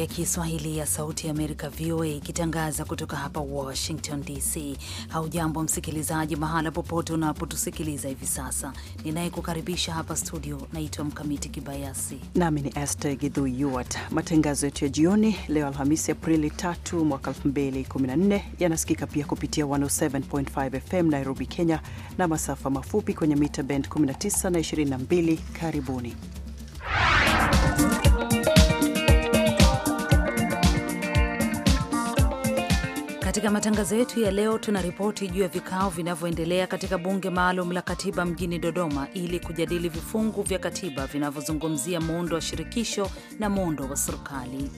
ya Kiswahili ya Sauti ya Amerika, VOA, ikitangaza kutoka hapa Washington DC. Haujambo msikilizaji, mahala popote unapotusikiliza hivi sasa. Ninayekukaribisha hapa studio naitwa Mkamiti Kibayasi nami ni Esther Gidhu Matangazo yetu ya jioni leo Alhamisi Aprili 3 mwaka 2014 yanasikika pia kupitia 107.5 FM Nairobi, Kenya, na masafa mafupi kwenye mita bend 19 na 22. Karibuni. Katika matangazo yetu ya leo tuna ripoti juu ya vikao vinavyoendelea katika bunge maalum la katiba mjini Dodoma ili kujadili vifungu vya katiba vinavyozungumzia muundo wa shirikisho na muundo wa serikali.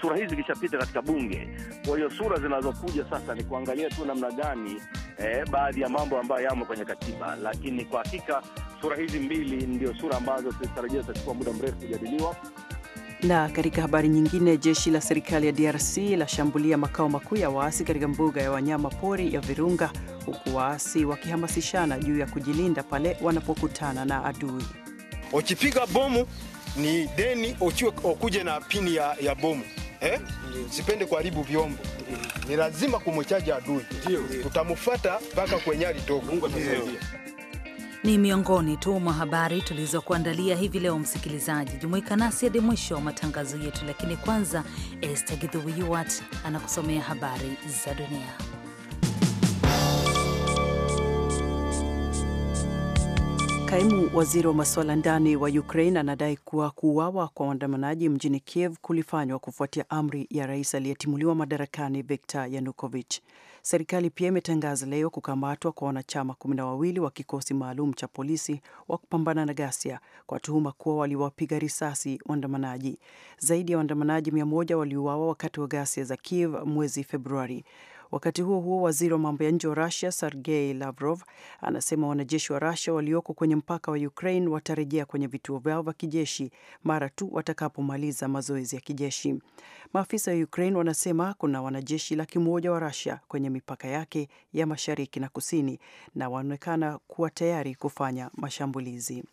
Sura hizi zikishapita katika bunge, kwa hiyo sura zinazokuja sasa ni kuangalia tu namna gani eh, baadhi ya mambo ambayo yamo kwenye katiba, lakini kwa hakika sura hizi mbili ndio sura ambazo zitarajia zitachukua muda mrefu kujadiliwa. Na katika habari nyingine, jeshi la serikali ya DRC lashambulia makao makuu ya waasi katika mbuga ya wanyama pori ya Virunga, huku waasi wakihamasishana juu ya kujilinda pale wanapokutana na adui. Ukipiga bomu ni deni ukiwe ukuje na pini ya, ya bomu eh? Sipende kuharibu vyombo, ni lazima kumwechaja adui, tutamfuata mpaka kwenye alitoka. Mungu atasaidia ni miongoni tu mwa habari tulizokuandalia hivi leo. Msikilizaji, jumuika nasi hadi mwisho wa matangazo yetu, lakini kwanza Esther Githuwiyuwat anakusomea habari za dunia. Kaimu waziri wa masuala ndani wa Ukraine anadai kuwa kuuawa kwa waandamanaji mjini Kiev kulifanywa kufuatia amri ya rais aliyetimuliwa madarakani Viktor Yanukovych. Serikali pia imetangaza leo kukamatwa kwa wanachama kumi na wawili wa kikosi maalum cha polisi wa kupambana na ghasia kwa tuhuma kuwa waliwapiga risasi waandamanaji. Zaidi ya waandamanaji mia moja waliuawa wakati wa ghasia za Kiev mwezi Februari. Wakati huo huo, waziri wa mambo ya nje wa Rusia Sergei Lavrov anasema wanajeshi wa Rusia walioko kwenye mpaka wa Ukraine watarejea kwenye vituo vyao vya kijeshi mara tu watakapomaliza mazoezi ya kijeshi. Maafisa wa Ukraine wanasema kuna wanajeshi laki moja wa Rusia kwenye mipaka yake ya mashariki na kusini na wanaonekana kuwa tayari kufanya mashambulizi.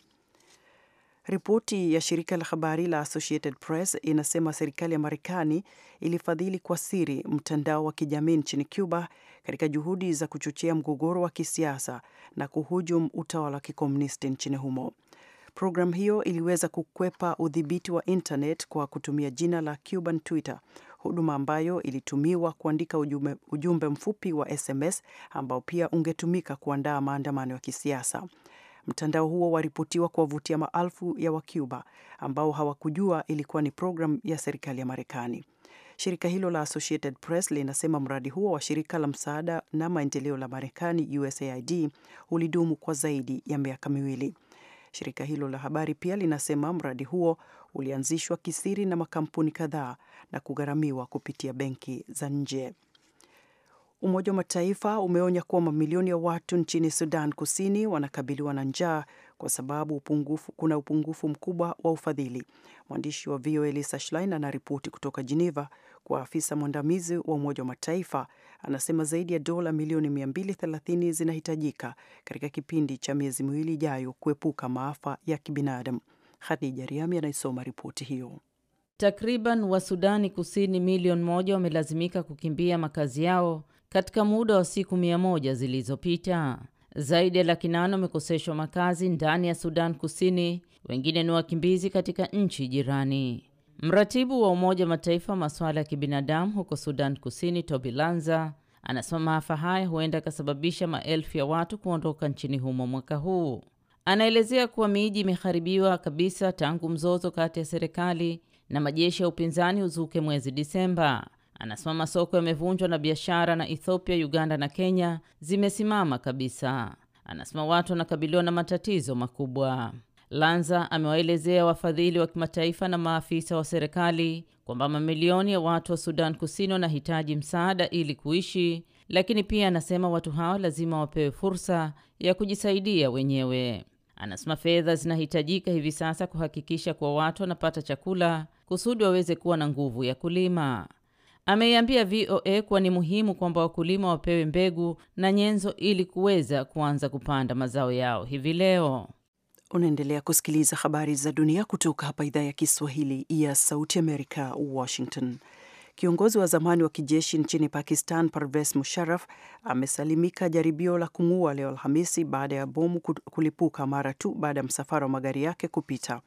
Ripoti ya shirika la habari la Associated Press inasema serikali ya Marekani ilifadhili kwa siri mtandao wa kijamii nchini Cuba katika juhudi za kuchochea mgogoro wa kisiasa na kuhujum utawala wa kikomunisti nchini humo. Programu hiyo iliweza kukwepa udhibiti wa internet kwa kutumia jina la Cuban Twitter, huduma ambayo ilitumiwa kuandika ujumbe, ujumbe mfupi wa SMS ambao pia ungetumika kuandaa maandamano ya kisiasa. Mtandao huo waripotiwa kuwavutia maelfu ya Wacuba ambao hawakujua ilikuwa ni programu ya serikali ya Marekani. Shirika hilo la Associated Press linasema mradi huo wa shirika la msaada na maendeleo la Marekani USAID ulidumu kwa zaidi ya miaka miwili. Shirika hilo la habari pia linasema mradi huo ulianzishwa kisiri na makampuni kadhaa na kugharamiwa kupitia benki za nje. Umoja wa Mataifa umeonya kuwa mamilioni ya watu nchini Sudan Kusini wanakabiliwa na njaa kwa sababu upungufu, kuna upungufu mkubwa wa ufadhili. Mwandishi wa VOA Lisa Schlein anaripoti kutoka Geneva. Kwa afisa mwandamizi wa Umoja wa Mataifa anasema zaidi ya dola milioni 230 zinahitajika katika kipindi cha miezi miwili ijayo kuepuka maafa ya kibinadamu. Hadija Riami anaisoma ripoti hiyo. Takriban Wasudani Kusini milioni moja wamelazimika kukimbia makazi yao katika muda wa siku mia moja zilizopita. Zaidi ya laki nane wamekoseshwa makazi ndani ya Sudan Kusini, wengine ni wakimbizi katika nchi jirani. Mratibu wa Umoja Mataifa masuala ya kibinadamu huko Sudan Kusini, Toby Lanza, anasema maafa haya huenda akasababisha maelfu ya watu kuondoka nchini humo mwaka huu. Anaelezea kuwa miji imeharibiwa kabisa tangu mzozo kati ya serikali na majeshi ya upinzani uzuke mwezi Disemba. Anasema masoko yamevunjwa na biashara na Ethiopia, Uganda na Kenya zimesimama kabisa. Anasema watu wanakabiliwa na matatizo makubwa. Lanza amewaelezea wafadhili wa kimataifa na maafisa wa serikali kwamba mamilioni ya watu wa Sudan Kusini wanahitaji msaada ili kuishi, lakini pia anasema watu hawa lazima wapewe fursa ya kujisaidia wenyewe. Anasema fedha zinahitajika hivi sasa kuhakikisha kuwa watu wanapata chakula kusudi waweze kuwa na nguvu ya kulima ameiambia VOA kuwa ni muhimu kwamba wakulima wapewe mbegu na nyenzo ili kuweza kuanza kupanda mazao yao hivi leo. Unaendelea kusikiliza habari za dunia kutoka hapa idhaa ya Kiswahili ya Sauti Amerika, Washington. Kiongozi wa zamani wa kijeshi nchini Pakistan Parvez Musharraf amesalimika jaribio la kumuua leo Alhamisi baada ya bomu kulipuka mara tu baada ya msafara wa magari yake kupita.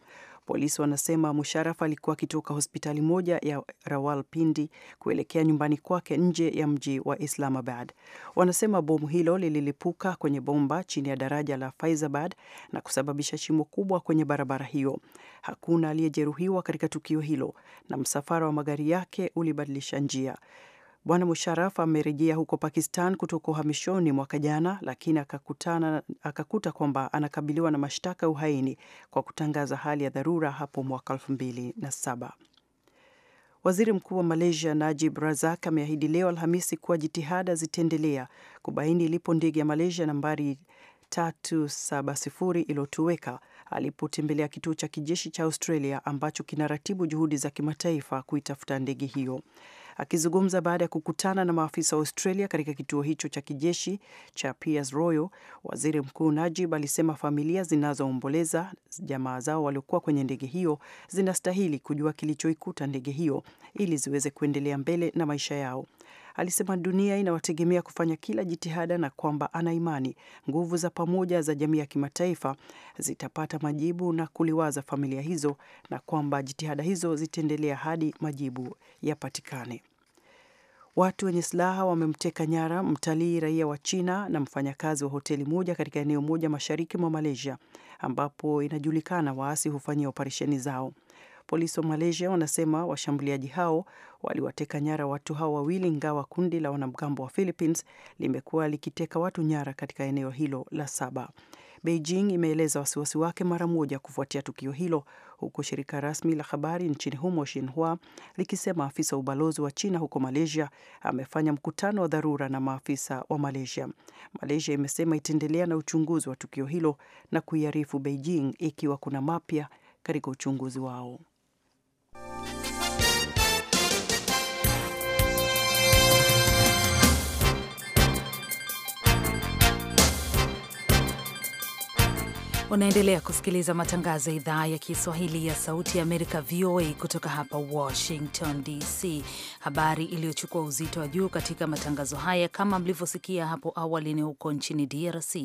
Polisi wanasema Musharaf alikuwa akitoka hospitali moja ya Rawalpindi kuelekea nyumbani kwake nje ya mji wa Islamabad. Wanasema bomu hilo lililipuka kwenye bomba chini ya daraja la Faizabad na kusababisha shimo kubwa kwenye barabara hiyo. Hakuna aliyejeruhiwa katika tukio hilo na msafara wa magari yake ulibadilisha njia. Bwana Musharaf amerejea huko Pakistan kutoka uhamishoni mwaka jana, lakini akakutana akakuta kwamba anakabiliwa na mashtaka ya uhaini kwa kutangaza hali ya dharura hapo mwaka 27 Waziri Mkuu wa Malaysia Najib Razak ameahidi leo Alhamisi kuwa jitihada zitaendelea kubaini ilipo ndege ya Malaysia nambari 370 iliyotoweka alipotembelea kituo cha kijeshi cha Australia ambacho kinaratibu juhudi za kimataifa kuitafuta ndege hiyo. Akizungumza baada ya kukutana na maafisa wa Australia katika kituo hicho cha kijeshi cha Piers Royal, waziri mkuu Najib alisema familia zinazoomboleza jamaa zao waliokuwa kwenye ndege hiyo zinastahili kujua kilichoikuta ndege hiyo ili ziweze kuendelea mbele na maisha yao alisema dunia inawategemea kufanya kila jitihada na kwamba ana imani nguvu za pamoja za jamii ya kimataifa zitapata majibu na kuliwaza familia hizo na kwamba jitihada hizo zitaendelea hadi majibu yapatikane. Watu wenye silaha wamemteka nyara mtalii raia wa China na mfanyakazi wa hoteli moja katika eneo moja mashariki mwa Malaysia ambapo inajulikana waasi hufanyia operesheni zao. Polisi wa Malaysia wanasema washambuliaji hao waliwateka nyara watu hao wawili, ingawa kundi la wanamgambo wa Philippines limekuwa likiteka watu nyara katika eneo hilo la saba. Beijing imeeleza wasiwasi wake mara moja kufuatia tukio hilo, huku shirika rasmi la habari nchini humo Shinhua likisema afisa wa ubalozi wa China huko Malaysia amefanya mkutano wa dharura na maafisa wa Malaysia. Malaysia imesema itaendelea na uchunguzi wa tukio hilo na kuiarifu Beijing ikiwa kuna mapya katika uchunguzi wao. Unaendelea kusikiliza matangazo ya idhaa ya Kiswahili ya Sauti ya Amerika, VOA, kutoka hapa Washington DC. Habari iliyochukua uzito wa juu katika matangazo haya, kama mlivyosikia hapo awali, ni huko nchini DRC.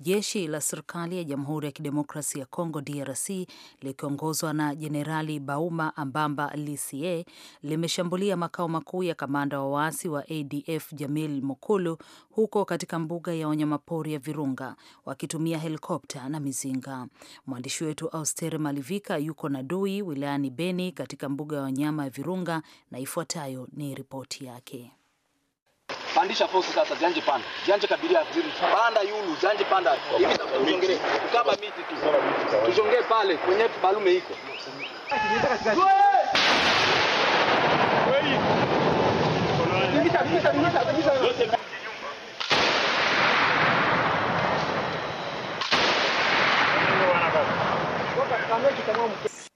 Jeshi la serikali ya Jamhuri ya kidemokrasi ya Kongo, DRC, likiongozwa na Jenerali Bauma Ambamba Lisie, limeshambulia makao makuu ya kamanda wa waasi wa ADF Jamil Mukulu huko katika mbuga ya wanyamapori ya Virunga wakitumia helikopta na mizi Mzinga. Mwandishi wetu Auster Malivika yuko na Dui wilayani Beni katika mbuga ya wanyama ya Virunga, na ifuatayo ni ripoti yake. Pandisha fosi sasa, panda, panda yulu, panda hivi sasa, miti tu, pale kwenye balume iko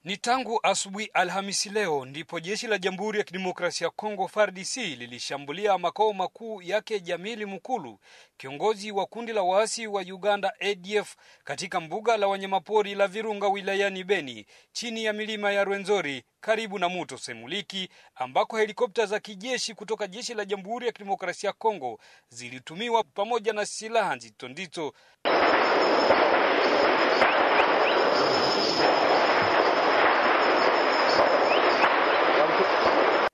Ni tangu asubuhi Alhamisi leo ndipo jeshi la Jamhuri ya Kidemokrasia ya Kongo FARDC lilishambulia makao makuu yake Jamili Mukulu, kiongozi wa kundi la waasi wa Uganda ADF katika mbuga la wanyamapori la Virunga wilayani Beni, chini ya milima ya Rwenzori karibu na Muto Semuliki, ambako helikopta za kijeshi kutoka jeshi la Jamhuri ya Kidemokrasia ya Kongo zilitumiwa pamoja na silaha nzito nzito.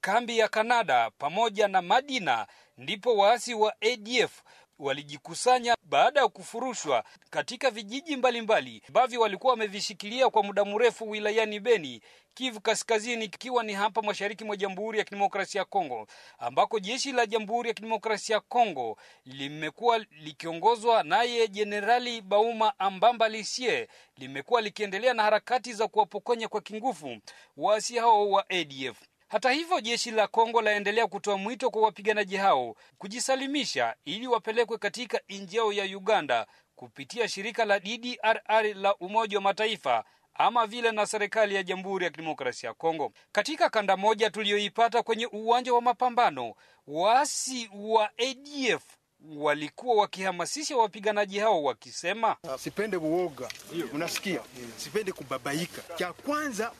kambi ya Kanada pamoja na Madina ndipo waasi wa ADF walijikusanya baada ya kufurushwa katika vijiji mbalimbali ambavyo walikuwa wamevishikilia kwa muda mrefu wilayani Beni, Kivu Kaskazini, ikiwa ni hapa mashariki mwa Jamhuri ya Kidemokrasia ya Kongo, ambako jeshi la Jamhuri ya Kidemokrasia ya Kongo limekuwa likiongozwa naye Jenerali Bauma Ambamba Lisie, limekuwa likiendelea na harakati za kuwapokonya kwa kingufu waasi hao wa ADF. Hata hivyo, jeshi la Kongo laendelea kutoa mwito kwa wapiganaji hao kujisalimisha ili wapelekwe katika nchi yao ya Uganda kupitia shirika la DDRR la Umoja wa Mataifa ama vile na serikali ya Jamhuri ya Kidemokrasia ya Kongo. Katika kanda moja tuliyoipata kwenye uwanja wa mapambano, waasi wa ADF walikuwa wakihamasisha wapiganaji hao wakisema, ah, sipende uoga, unasikia, sipende kubabaika. Cha kwanza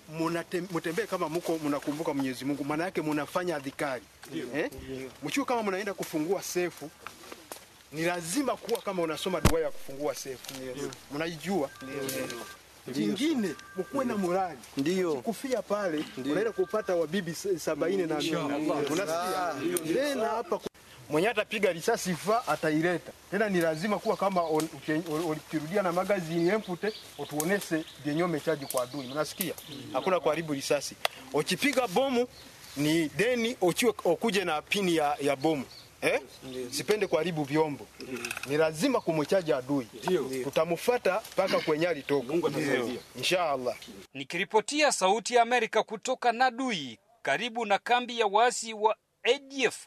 mtembee kama mko mnakumbuka Mwenyezi Mungu, maana yake mnafanya adhikari eh? Mchue kama mnaenda kufungua sefu ni lazima kuwa kama unasoma dua ya kufungua sefu, mnaijua. Jingine mkuwe na morali, ndio kufia pale unaenda kupata wabibi sabaini na tena hapa mwenye atapiga risasi fa ataileta tena, ni lazima kuwa kama ukirudia na magazini empute utuonese vyenyome mechaji kwa adui, mnasikia? Hakuna kuharibu risasi. Ukipiga bomu ni deni ochiwe, okuje na pini ya, ya bomu eh? Sipende kuharibu vyombo, ni lazima kumwechaji adui, tutamfuata mpaka kwenye alitoka, inshallah. Nikiripotia Sauti ya Amerika kutoka Nadui, karibu na kambi ya waasi wa ADF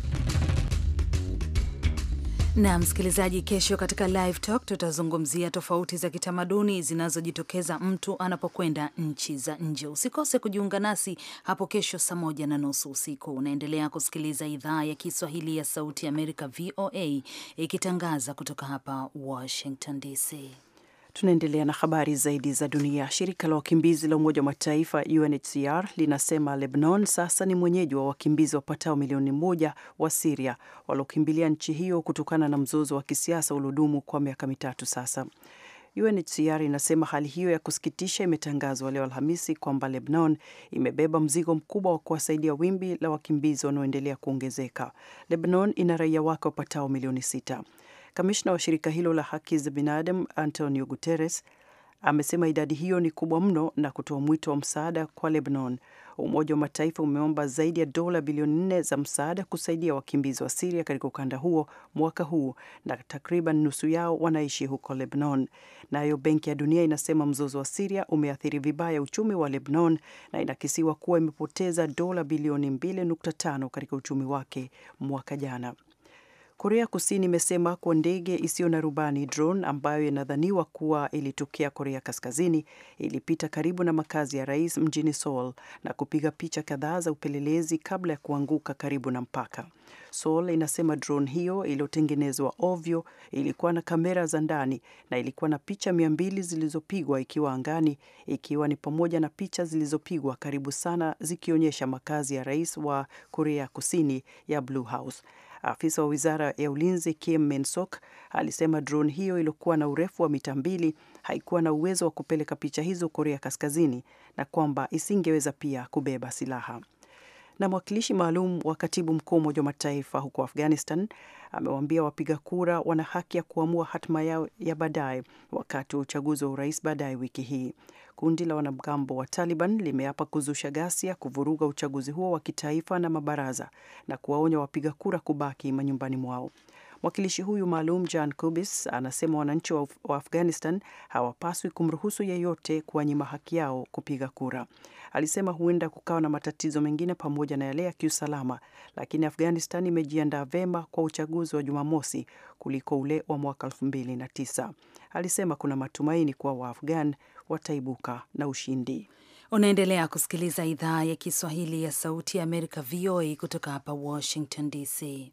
Na msikilizaji, kesho katika Live Talk tutazungumzia tofauti za kitamaduni zinazojitokeza mtu anapokwenda nchi za nje. Usikose kujiunga nasi hapo kesho saa moja na nusu usiku. Unaendelea kusikiliza idhaa ya Kiswahili ya Sauti ya Amerika, VOA, ikitangaza kutoka hapa Washington DC. Tunaendelea na habari zaidi za dunia. Shirika la wakimbizi la Umoja wa Mataifa UNHCR linasema Lebanon sasa ni mwenyeji wa wakimbizi wapatao milioni moja wa Siria waliokimbilia nchi hiyo kutokana na mzozo wa kisiasa uliodumu kwa miaka mitatu sasa. UNHCR inasema hali hiyo ya kusikitisha imetangazwa leo Alhamisi kwamba Lebanon imebeba mzigo mkubwa wa kuwasaidia wimbi la wakimbizi wanaoendelea kuongezeka. Lebanon ina raia wake wapatao milioni sita. Kamishna wa shirika hilo la haki za binadamu Antonio Guterres amesema idadi hiyo ni kubwa mno na kutoa mwito wa msaada kwa Lebanon. Umoja wa Mataifa umeomba zaidi ya dola bilioni nne za msaada kusaidia wakimbizi wa Siria katika ukanda huo mwaka huu, na takriban nusu yao wanaishi huko Lebanon. Nayo na Benki ya Dunia inasema mzozo wa Siria umeathiri vibaya uchumi wa Lebanon na inakisiwa kuwa imepoteza dola bilioni 2.5 katika uchumi wake mwaka jana. Korea Kusini imesema kuwa ndege isiyo na rubani drone ambayo inadhaniwa kuwa ilitokea Korea Kaskazini ilipita karibu na makazi ya rais mjini Seoul na kupiga picha kadhaa za upelelezi kabla ya kuanguka karibu na mpaka. Seoul inasema drone hiyo iliyotengenezwa ovyo ilikuwa na kamera za ndani na ilikuwa na picha mia mbili zilizopigwa ikiwa angani, ikiwa ni pamoja na picha zilizopigwa karibu sana zikionyesha makazi ya rais wa Korea Kusini ya Blue House. Afisa wa wizara ya ulinzi Kim Mensok alisema drone hiyo iliyokuwa na urefu wa mita mbili haikuwa na uwezo wa kupeleka picha hizo Korea Kaskazini na kwamba isingeweza pia kubeba silaha. Na mwakilishi maalum wa katibu mkuu wa Umoja wa Mataifa huko Afghanistan amewaambia wapiga kura wana haki ya kuamua hatima yao ya baadaye wakati wa uchaguzi wa urais baadaye wiki hii. Kundi la wanamgambo wa Taliban limeapa kuzusha ghasia, kuvuruga uchaguzi huo wa kitaifa na mabaraza na kuwaonya wapiga kura kubaki manyumbani mwao. Mwakilishi huyu maalum Jan Kubis anasema wananchi wa, Afghanistan hawapaswi kumruhusu yeyote kuwanyima haki yao kupiga kura. Alisema huenda kukawa na matatizo mengine pamoja na yale ya kiusalama, lakini Afghanistan imejiandaa vema kwa uchaguzi wa Jumamosi kuliko ule wa mwaka 2009. Alisema kuna matumaini kuwa Waafghan wataibuka na ushindi. Unaendelea kusikiliza idhaa ya Kiswahili ya Sauti ya Amerika, VOA, kutoka hapa Washington DC.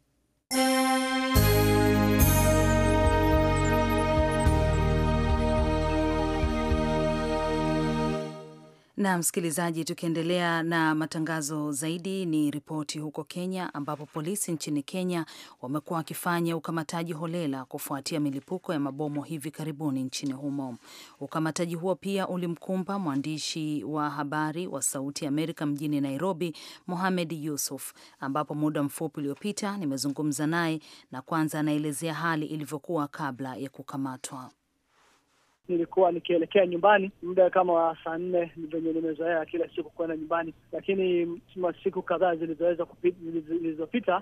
Na msikilizaji, tukiendelea na matangazo zaidi, ni ripoti huko Kenya, ambapo polisi nchini Kenya wamekuwa wakifanya ukamataji holela kufuatia milipuko ya mabomu hivi karibuni nchini humo. Ukamataji huo pia ulimkumba mwandishi wa habari wa Sauti Amerika mjini Nairobi, Mohamed Yusuf, ambapo muda mfupi uliopita nimezungumza naye, na kwanza anaelezea hali ilivyokuwa kabla ya kukamatwa nilikuwa nikielekea nyumbani muda kama saa nne, venye nimezoea kila siku kwenda nyumbani, lakini siku kadhaa zilizoweza zilizopita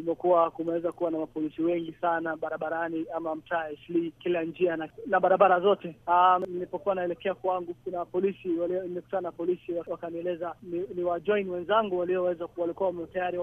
kumekuwa kumeweza kuwa na mapolisi wengi sana barabarani ama mtaa Eastleigh, kila njia na, na barabara zote. Um, nilipokuwa naelekea kwangu, kuna polisi, nimekutana na polisi wakanieleza ni, ni wajoin wenzangu walioweza walikuwa tayari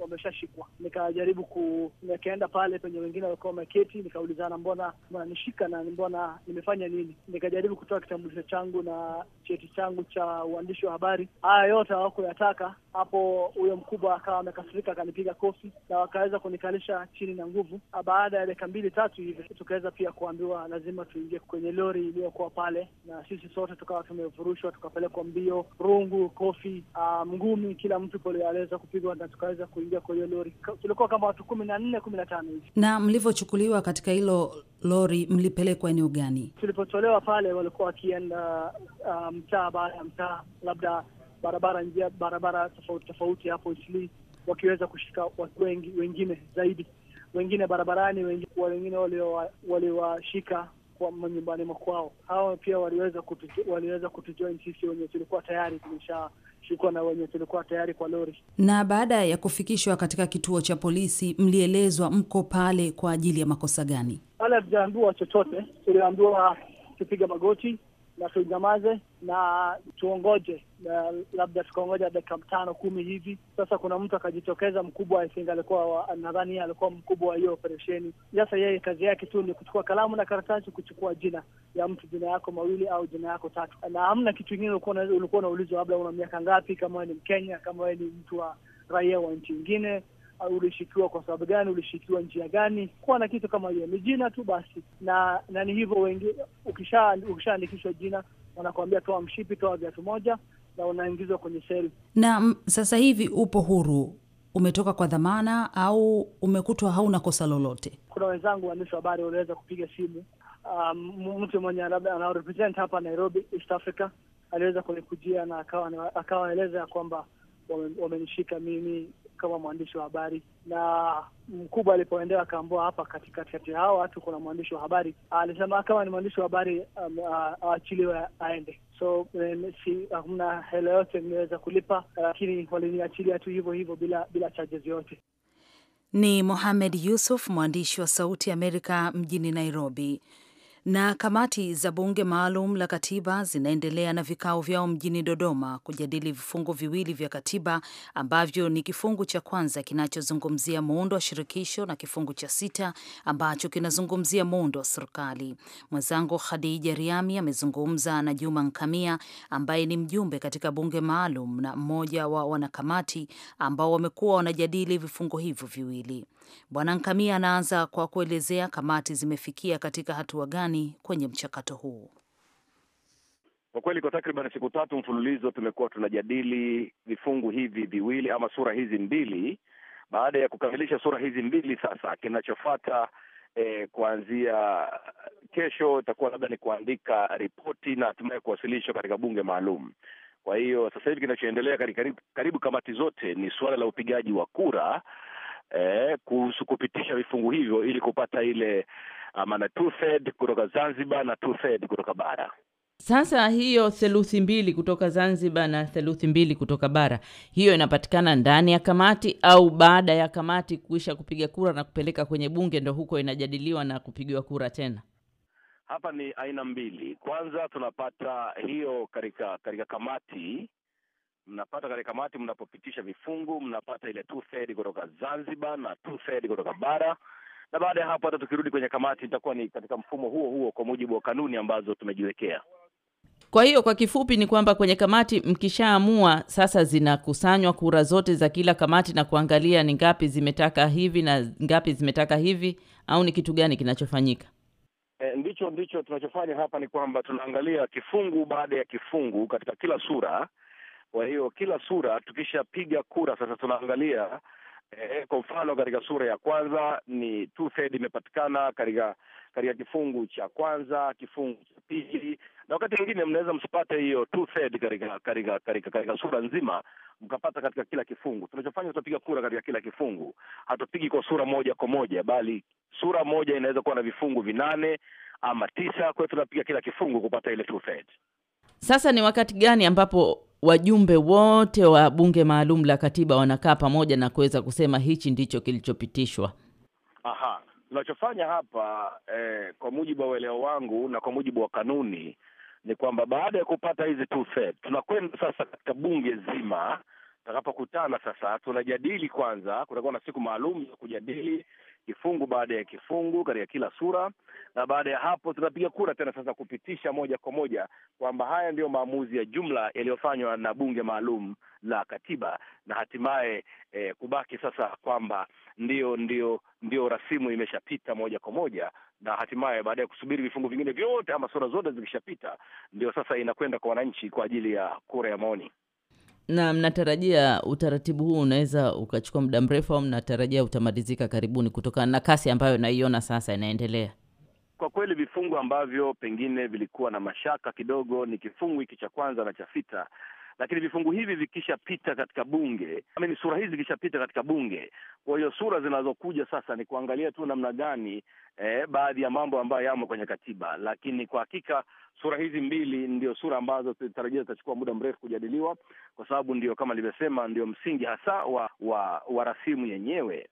wameshashikwa. Nikajaribu ku, nikaenda pale penye wengine walikuwa wameketi, nikaulizana mbona mnanishika na mbona nimefanya nini? Nikajaribu kutoa kitambulisho changu na cheti changu cha uandishi wa habari. Haya yote hawakuyataka. Hapo huyo mkubwa akawa amekasirika, akanipiga kofi na na wakaweza kunikalisha chini na nguvu. Ah, baada ya dakika mbili tatu hivi tukaweza pia kuambiwa lazima tuingie kwenye lori iliyokuwa pale, na sisi sote tukawa tumevurushwa, tukapelekwa mbio, rungu, kofi, mgumi, ah, kila mtu aliweza kupigwa na tukaweza kuingia kwenye lori. Tulikuwa kama watu kumi na nne kumi na tano hivi. Na mlivyochukuliwa katika hilo lori, mlipelekwa eneo gani? Tulipotolewa pale, walikuwa wakienda uh, mtaa baada ya mtaa, labda barabara njia barabara tofauti tofauti hapo Isilii wakiweza kushika watu wengi wengine zaidi, wengine barabarani, wengine, wengine waliwashika kwa manyumbani makwao Hawa pia waliweza kutujoin, waliweza kutujoin sisi wenye tulikuwa tayari tumeshashikwa na wenye tulikuwa tayari kwa lori. Na baada ya kufikishwa katika kituo cha polisi, mlielezwa mko pale kwa ajili ya makosa gani? Pale hatujaambiwa chochote, tuliambiwa tupiga magoti na tunyamaze na tuongoje, na labda tukaongoja dakika mtano kumi hivi. Sasa kuna mtu akajitokeza mkubwa, I think alikuwa nadhani alikuwa mkubwa wa hiyo operesheni. Sasa yeye kazi yake tu ni kuchukua kalamu na karatasi, kuchukua jina ya mtu, jina yako mawili au jina yako tatu, na hamna kitu ingine. Ulikuwa unaulizwa labda una miaka ngapi, kama wewe ni Mkenya, kama wewe ni mtu wa raia wa nchi ingine ulishikiwa kwa sababu gani, ulishikiwa njia gani. Kuwa na kitu kama hiyo, ni jina tu basi, na na ni hivyo wengi. Ukishaandikishwa jina, wanakuambia toa mshipi, toa viatu moja, na unaingizwa kwenye seli. Na sasa hivi upo huru, umetoka kwa dhamana au umekutwa hauna kosa lolote? Kuna wenzangu waandishi wa habari waliweza kupiga simu Um, mtu mwenye labda anarepresent hapa Nairobi, East Africa aliweza kunikujia na akawa akawaeleza ya kwamba wamenishika mimi kama mwandishi wa habari, na mkubwa alipoendewa akaambua hapa katikati ya hao watu kuna mwandishi wa habari, alisema kama ni mwandishi wa habari um, aachiliwe, um, uh, aende. So eh, hamna hela yote imeweza kulipa, lakini uh, waliniachilia tu hivyo hivyo bila bila charges yote Ni Mohamed Yusuf, mwandishi wa Sauti ya Amerika mjini Nairobi. Na kamati za bunge maalum la katiba zinaendelea na vikao vyao mjini Dodoma kujadili vifungu viwili vya katiba ambavyo ni kifungu cha kwanza kinachozungumzia muundo wa shirikisho na kifungu cha sita ambacho kinazungumzia muundo wa serikali. Mwenzangu Khadija Riami amezungumza na Juma Nkamia ambaye ni mjumbe katika bunge maalum na mmoja wa wanakamati ambao wamekuwa wanajadili vifungu hivyo viwili. Bwana Nkamia anaanza kwa kuelezea kamati zimefikia katika hatua gani gani kwenye mchakato huu? Kwa kweli kwa takriban siku tatu mfululizo tumekuwa tunajadili vifungu hivi viwili ama sura hizi mbili. Baada ya kukamilisha sura hizi mbili, sasa kinachofata eh, kuanzia kesho itakuwa labda ni kuandika ripoti na hatimaye kuwasilishwa katika bunge maalum. Kwa hiyo sasa hivi kinachoendelea karibu, karibu kamati zote ni suala la upigaji wa kura eh, kuhusu kupitisha vifungu hivyo ili kupata ile maana two third kutoka Zanzibar na two third kutoka bara. Sasa hiyo theluthi mbili kutoka Zanzibar na theluthi mbili kutoka bara, hiyo inapatikana ndani ya kamati au baada ya kamati kuisha kupiga kura na kupeleka kwenye bunge, ndo huko inajadiliwa na kupigiwa kura tena? Hapa ni aina mbili. Kwanza tunapata hiyo katika katika kamati, mnapata katika kamati mnapopitisha vifungu, mnapata ile two third kutoka Zanzibar na two third kutoka bara na baada ya hapo hata tukirudi kwenye kamati itakuwa ni katika mfumo huo huo kwa mujibu wa kanuni ambazo tumejiwekea. Kwa hiyo kwa kifupi ni kwamba kwenye kamati mkishaamua, sasa zinakusanywa kura zote za kila kamati na kuangalia ni ngapi zimetaka hivi na ngapi zimetaka hivi, au ni kitu gani kinachofanyika? E, ndicho ndicho tunachofanya hapa ni kwamba tunaangalia kifungu baada ya kifungu katika kila sura. Kwa hiyo kila sura tukishapiga kura sasa tunaangalia eh, kwa mfano katika sura ya kwanza ni two-third imepatikana katika katika kifungu cha kwanza, kifungu cha pili, na wakati mwingine mnaweza msipate hiyo two-third katika katika katika katika sura nzima, mkapata katika kila kifungu. Tunachofanya, tutapiga kura katika kila kifungu, hatupigi kwa sura moja kwa moja, bali sura moja inaweza kuwa na vifungu vinane ama tisa. Kwa hiyo tunapiga kila kifungu kupata ile two-third. Sasa ni wakati gani ambapo wajumbe wote wa bunge maalum la katiba wanakaa pamoja na kuweza kusema hichi ndicho kilichopitishwa. Aha, tunachofanya hapa eh, kwa mujibu wa uelewa wangu na kwa mujibu wa kanuni ni kwamba baada ya kupata hizi two thirds tunakwenda sasa katika bunge zima, tutakapokutana sasa tunajadili kwanza. Kutakuwa na siku maalum za kujadili kifungu baada ya kifungu katika kila sura, na baada ya hapo tutapiga kura tena sasa kupitisha moja kwa moja kwamba haya ndiyo maamuzi ya jumla yaliyofanywa na bunge maalum la katiba, na hatimaye eh, kubaki sasa kwamba ndio ndio ndio rasimu imeshapita moja kwa moja, na hatimaye baada ya kusubiri vifungu vingine vyote ama sura zote zikishapita, ndio sasa inakwenda kwa wananchi kwa ajili ya kura ya maoni. Na mnatarajia utaratibu huu unaweza ukachukua muda mrefu au mnatarajia utamalizika karibuni kutokana na kasi ambayo naiona sasa inaendelea? Kwa kweli vifungu ambavyo pengine vilikuwa na mashaka kidogo ni kifungu hiki cha kwanza na cha sita lakini vifungu hivi vikishapita katika bunge, ni sura hizi zikishapita katika bunge, kwa hiyo sura zinazokuja sasa ni kuangalia tu namna gani eh, baadhi ya mambo ambayo yamo kwenye katiba, lakini kwa hakika sura hizi mbili ndio sura ambazo tulitarajia zitachukua muda mrefu kujadiliwa, kwa sababu ndio kama nilivyosema, ndio msingi hasa wa, wa, wa rasimu yenyewe.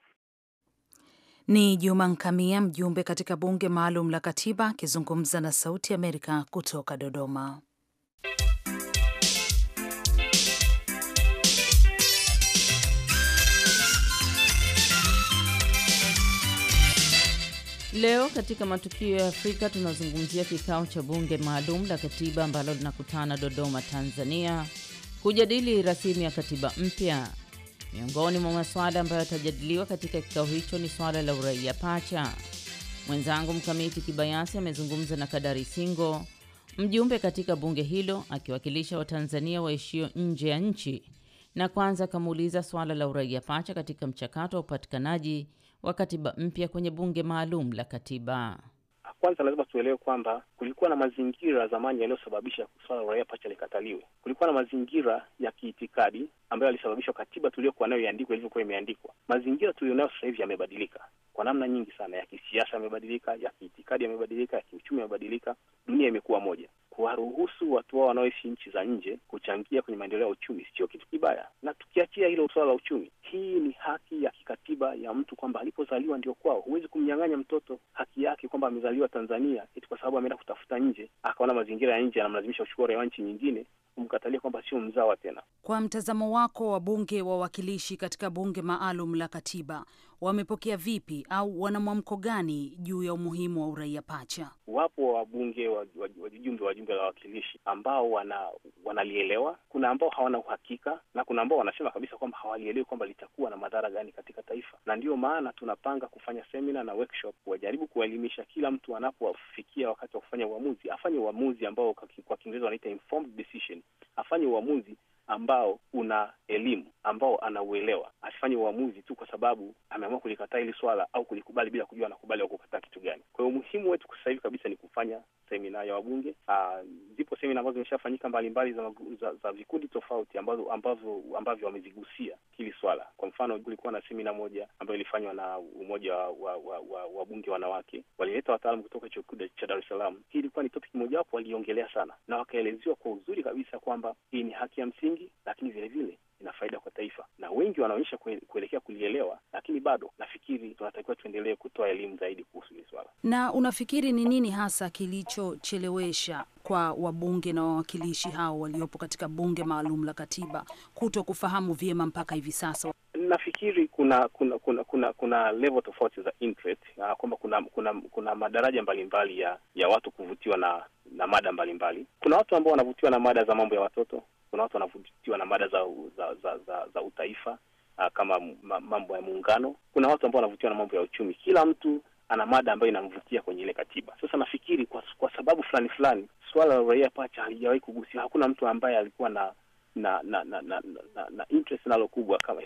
Ni Juma Nkamia, mjumbe katika bunge maalum la katiba, akizungumza na Sauti Amerika kutoka Dodoma. Leo katika matukio ya Afrika tunazungumzia kikao cha bunge maalum la katiba ambalo linakutana Dodoma, Tanzania, kujadili rasimu ya katiba mpya. Miongoni mwa masuala ambayo yatajadiliwa katika kikao hicho ni suala la uraia pacha. Mwenzangu Mkamiti Kibayasi amezungumza na Kadari Singo, mjumbe katika bunge hilo akiwakilisha Watanzania waishio nje ya nchi, na kwanza akamuuliza suala la uraia pacha katika mchakato wa upatikanaji wa katiba mpya kwenye bunge maalum la katiba. Kwanza lazima tuelewe kwamba kulikuwa na mazingira zamani yaliyosababisha swala la uraia pacha likataliwe. Kulikuwa na mazingira ya kiitikadi ambayo yalisababishwa katiba tuliyokuwa nayo iandikwe ilivyokuwa imeandikwa. Mazingira tuliyonayo sasa hivi yamebadilika kwa namna nyingi sana, ya kisiasa yamebadilika, ya kiitikadi yamebadilika, ya kiuchumi yamebadilika, dunia imekuwa moja kuwaruhusu watu wao wanaoishi nchi za nje kuchangia kwenye maendeleo ya uchumi sio kitu kibaya. Na tukiachia hilo suala la uchumi, hii ni haki ya kikatiba ya mtu kwamba alipozaliwa ndio kwao. Huwezi kumnyang'anya mtoto haki yake kwamba amezaliwa Tanzania eti kwa sababu ameenda kutafuta nje akaona mazingira ya nje yanamlazimisha uchukua uraia wa nchi nyingine kumkatalia kwamba sio mzawa tena. Kwa mtazamo wako, wabunge wa wawakilishi katika bunge maalum la katiba wamepokea vipi au wana mwamko gani juu ya umuhimu wa uraia pacha? Wapo wabunge wajumbe wa jumbe la wawakilishi ambao wana wanalielewa, kuna ambao hawana uhakika na kuna ambao wanasema kabisa kwamba hawalielewi kwamba litakuwa na madhara gani katika taifa, na ndiyo maana tunapanga kufanya semina na workshop, wajaribu kuwaelimisha kila mtu anapofikia wakati wa kufanya uamuzi, afanye uamuzi ambao kwa Kiingereza wanaita informed decision afanye uamuzi ambao una elimu, ambao anauelewa, asifanye uamuzi tu kwa sababu ameamua kulikataa hili swala au kulikubali bila kujua anakubali au kukataa kitu gani. Kwa hiyo umuhimu wetu sasa hivi kabisa ni kufanya semina ya wabunge. Ah, zipo semina ambazo zimeshafanyika mbalimbali za, za, za vikundi tofauti ambazo ambavyo ambavyo wamezigusia hili swala. Kwa mfano, kulikuwa na semina moja ambayo ilifanywa na umoja wa wabunge wa, wa, wa wanawake, walileta wataalamu kutoka chuo kikuu cha Dar es Salaam. Hii ilikuwa ni topic mojawapo waliongelea sana, na wakaelezewa kwa uzuri kabisa kwamba hii ni haki ya msingi wengi, lakini vilevile ina faida kwa taifa, na wengi wanaonyesha kuelekea kulielewa, lakini bado nafikiri tunatakiwa tuendelee kutoa elimu zaidi kuhusu hili swala. Na unafikiri ni nini hasa kilichochelewesha kwa wabunge na wawakilishi hao waliopo katika bunge maalum la katiba kuto kufahamu vyema mpaka hivi sasa? Nafikiri kuna kuna kuna kuna, kuna level tofauti za interest ah, kwamba kuna, kuna kuna madaraja mbalimbali mbali ya ya watu kuvutiwa na na mada mbalimbali mbali. Kuna watu ambao wanavutiwa na mada za mambo ya watoto, kuna watu wanavutiwa na mada za za za, za, za utaifa uh, kama mambo ya muungano. Kuna watu ambao wanavutiwa na mambo ya uchumi. Kila mtu ana mada ambayo inamvutia kwenye ile katiba. Sasa nafikiri kwa, kwa sababu fulani fulani suala la uraia pacha halijawahi kugusiwa. Hakuna mtu ambaye alikuwa na na na na na, na, na interest nalo kubwa, kama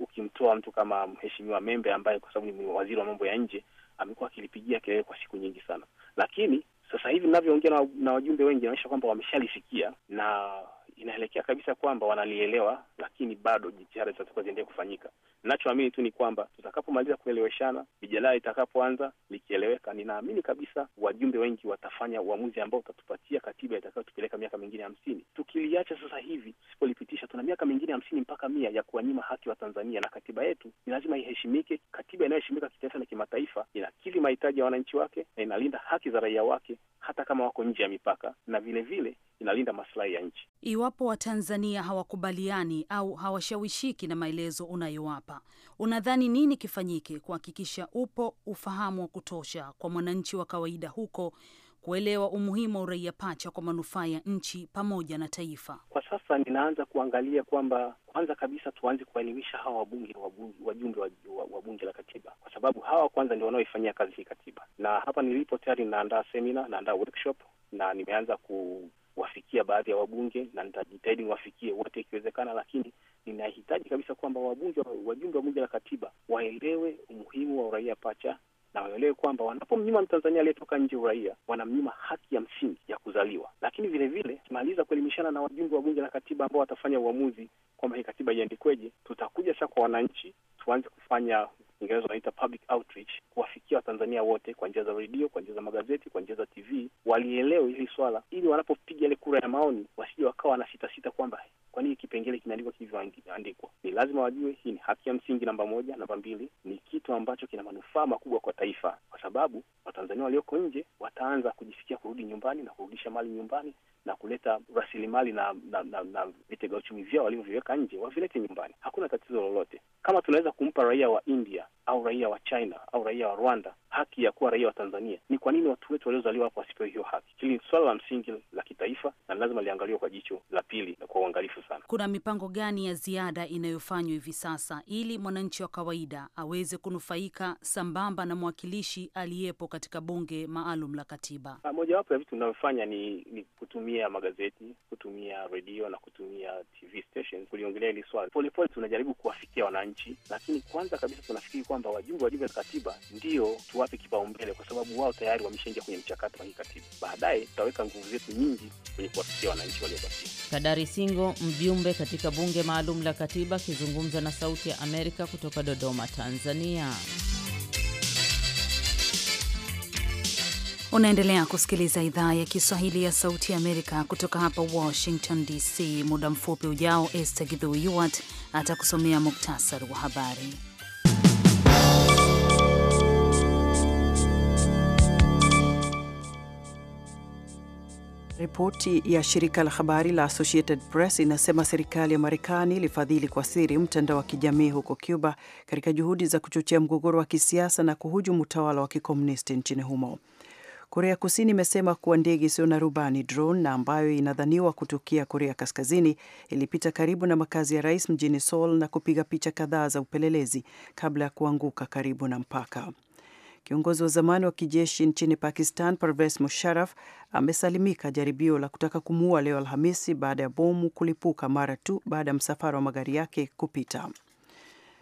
ukimtoa mtu kama mheshimiwa Membe ambaye kwa sababu ni waziri wa mambo ya nje amekuwa akilipigia kelele kwa siku nyingi sana, lakini sasa hivi ninavyoongea na, na wajumbe wengi naonyesha kwamba wameshalifikia na inaelekea kabisa kwamba wanalielewa, lakini bado jitihada zitakuwa ziendelee kufanyika. Nachoamini tu ni kwamba tutakapomaliza kueleweshana, mijadala itakapoanza likieleweka, ninaamini kabisa wajumbe wengi watafanya uamuzi ambao utatupatia katiba itakayotupeleka miaka mingine hamsini. Tukiliacha sasa hivi, tusipolipitisha, tuna miaka mingine hamsini mpaka mia ya kuwanyima haki wa Tanzania, na katiba yetu ni lazima iheshimike. Katiba inayoheshimika kitaifa na kimataifa inakidhi mahitaji ya wananchi wake na inalinda haki za raia wake hata kama wako nje ya mipaka, na vilevile vile, inalinda maslahi ya nchi iwapo Watanzania hawakubaliani au hawashawishiki na maelezo unayowapa, unadhani nini kifanyike kuhakikisha upo ufahamu wa kutosha kwa mwananchi wa kawaida huko kuelewa umuhimu wa uraia pacha kwa manufaa ya nchi pamoja na taifa. Kwa sasa ninaanza kuangalia kwamba kwanza kabisa tuanze kuwaelimisha hawa wabunge wajumbe wa bunge la katiba, kwa sababu hawa kwanza ndio wanaoifanyia kazi hii katiba. Na hapa nilipo tayari ninaandaa semina, naandaa workshop na nimeanza ku, kuwafikia baadhi ya wabunge na nitajitahidi niwafikie wote ikiwezekana, lakini ninahitaji kabisa kwamba wabunge, wajumbe wa bunge la katiba waelewe umuhimu wa uraia pacha na waelewe kwamba wanapomnyima Mtanzania aliyetoka nje uraia wanamnyima haki ya msingi ya kuzaliwa. Lakini vilevile tukimaliza kuelimishana na wajumbe wa bunge la katiba ambao watafanya uamuzi kwamba hii katiba iandikweje, tutakuja sasa kwa wananchi, tuanze kufanya Kiingereza wanaita public outreach Watanzania wote kwa njia za redio, kwa njia za magazeti, kwa njia za TV walielewe hili swala, ili wanapopiga ile kura ya maoni wasije wakawa na sita sita kwamba eh, kwa nini kipengele kimeandikwa kilivyoandikwa. Ni lazima wajue hii ni haki ya msingi namba moja. Namba mbili, ni kitu ambacho kina manufaa makubwa kwa taifa, kwa sababu Watanzania walioko nje wataanza kujisikia kurudi nyumbani na kurudisha mali nyumbani na kuleta rasilimali na na, na, na vitega uchumi vyao walivyoviweka nje wavilete nyumbani. Hakuna tatizo lolote. Kama tunaweza kumpa raia wa India au raia wa China au raia wa Rwanda haki ya kuwa raia wa Tanzania, ni kwa nini watu wetu waliozaliwa hapo wasipewe hiyo haki? Hili ni swala la msingi la kitaifa na lazima liangaliwe kwa jicho la pili na kwa uangalifu kuna mipango gani ya ziada inayofanywa hivi sasa ili mwananchi wa kawaida aweze kunufaika sambamba na mwakilishi aliyepo katika bunge maalum la katiba? Ah, mojawapo ya vitu tunavyofanya ni, ni kutumia magazeti, kutumia redio na kutumia TV station kuliongelea hili swala. Polepole tunajaribu kuwafikia wananchi, lakini kwanza kabisa tunafikiri kwamba wajumbe wa jumbe la Katiba ndio tuwape kipaumbele, kwa sababu wao tayari wameshaingia kwenye mchakato wa hii katiba. Baadaye tutaweka nguvu zetu nyingi kwenye kuwafikia wananchi walio Kadari Singo Mjumbe katika bunge maalum la katiba akizungumza na Sauti ya Amerika kutoka Dodoma, Tanzania. Unaendelea kusikiliza idhaa ya Kiswahili ya Sauti ya Amerika kutoka hapa Washington DC. Muda mfupi ujao, Esther Githu Yuwat atakusomea muktasari wa habari. Ripoti ya shirika la habari la Associated Press inasema serikali ya Marekani ilifadhili kwa siri mtandao wa kijamii huko Cuba katika juhudi za kuchochea mgogoro wa kisiasa na kuhujumu utawala wa kikomunisti nchini humo. Korea Kusini imesema kuwa ndege isiyo na rubani drone na ambayo inadhaniwa kutokia Korea Kaskazini ilipita karibu na makazi ya rais mjini Seoul na kupiga picha kadhaa za upelelezi kabla ya kuanguka karibu na mpaka. Kiongozi wa zamani wa kijeshi nchini Pakistan, Pervez Musharraf, amesalimika jaribio la kutaka kumuua leo Alhamisi baada ya bomu kulipuka mara tu baada ya msafara wa magari yake kupita.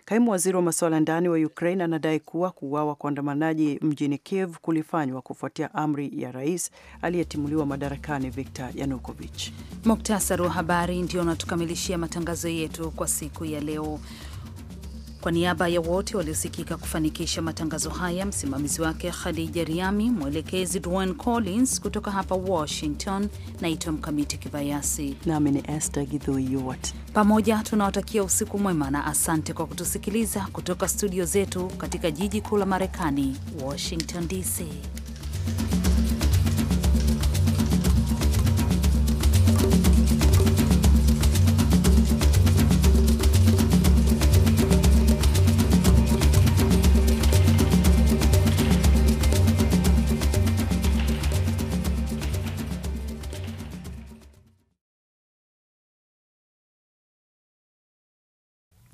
Kaimu waziri wa masuala ndani wa Ukraine anadai kuwa kuuawa kwa andamanaji mjini Kiev kulifanywa kufuatia amri ya rais aliyetimuliwa madarakani Viktor yanukovich Muktasari wa habari ndio unatukamilishia matangazo yetu kwa siku ya leo. Kwa niaba ya wote waliosikika kufanikisha matangazo haya, msimamizi wake Khadija Riami, mwelekezi Dwan Collins, kutoka hapa Washington, naitwa Mkamiti Kibayasi nami ni Esther Gidhuiyot. Pamoja tunawatakia usiku mwema na asante kwa kutusikiliza kutoka studio zetu katika jiji kuu la Marekani, Washington DC.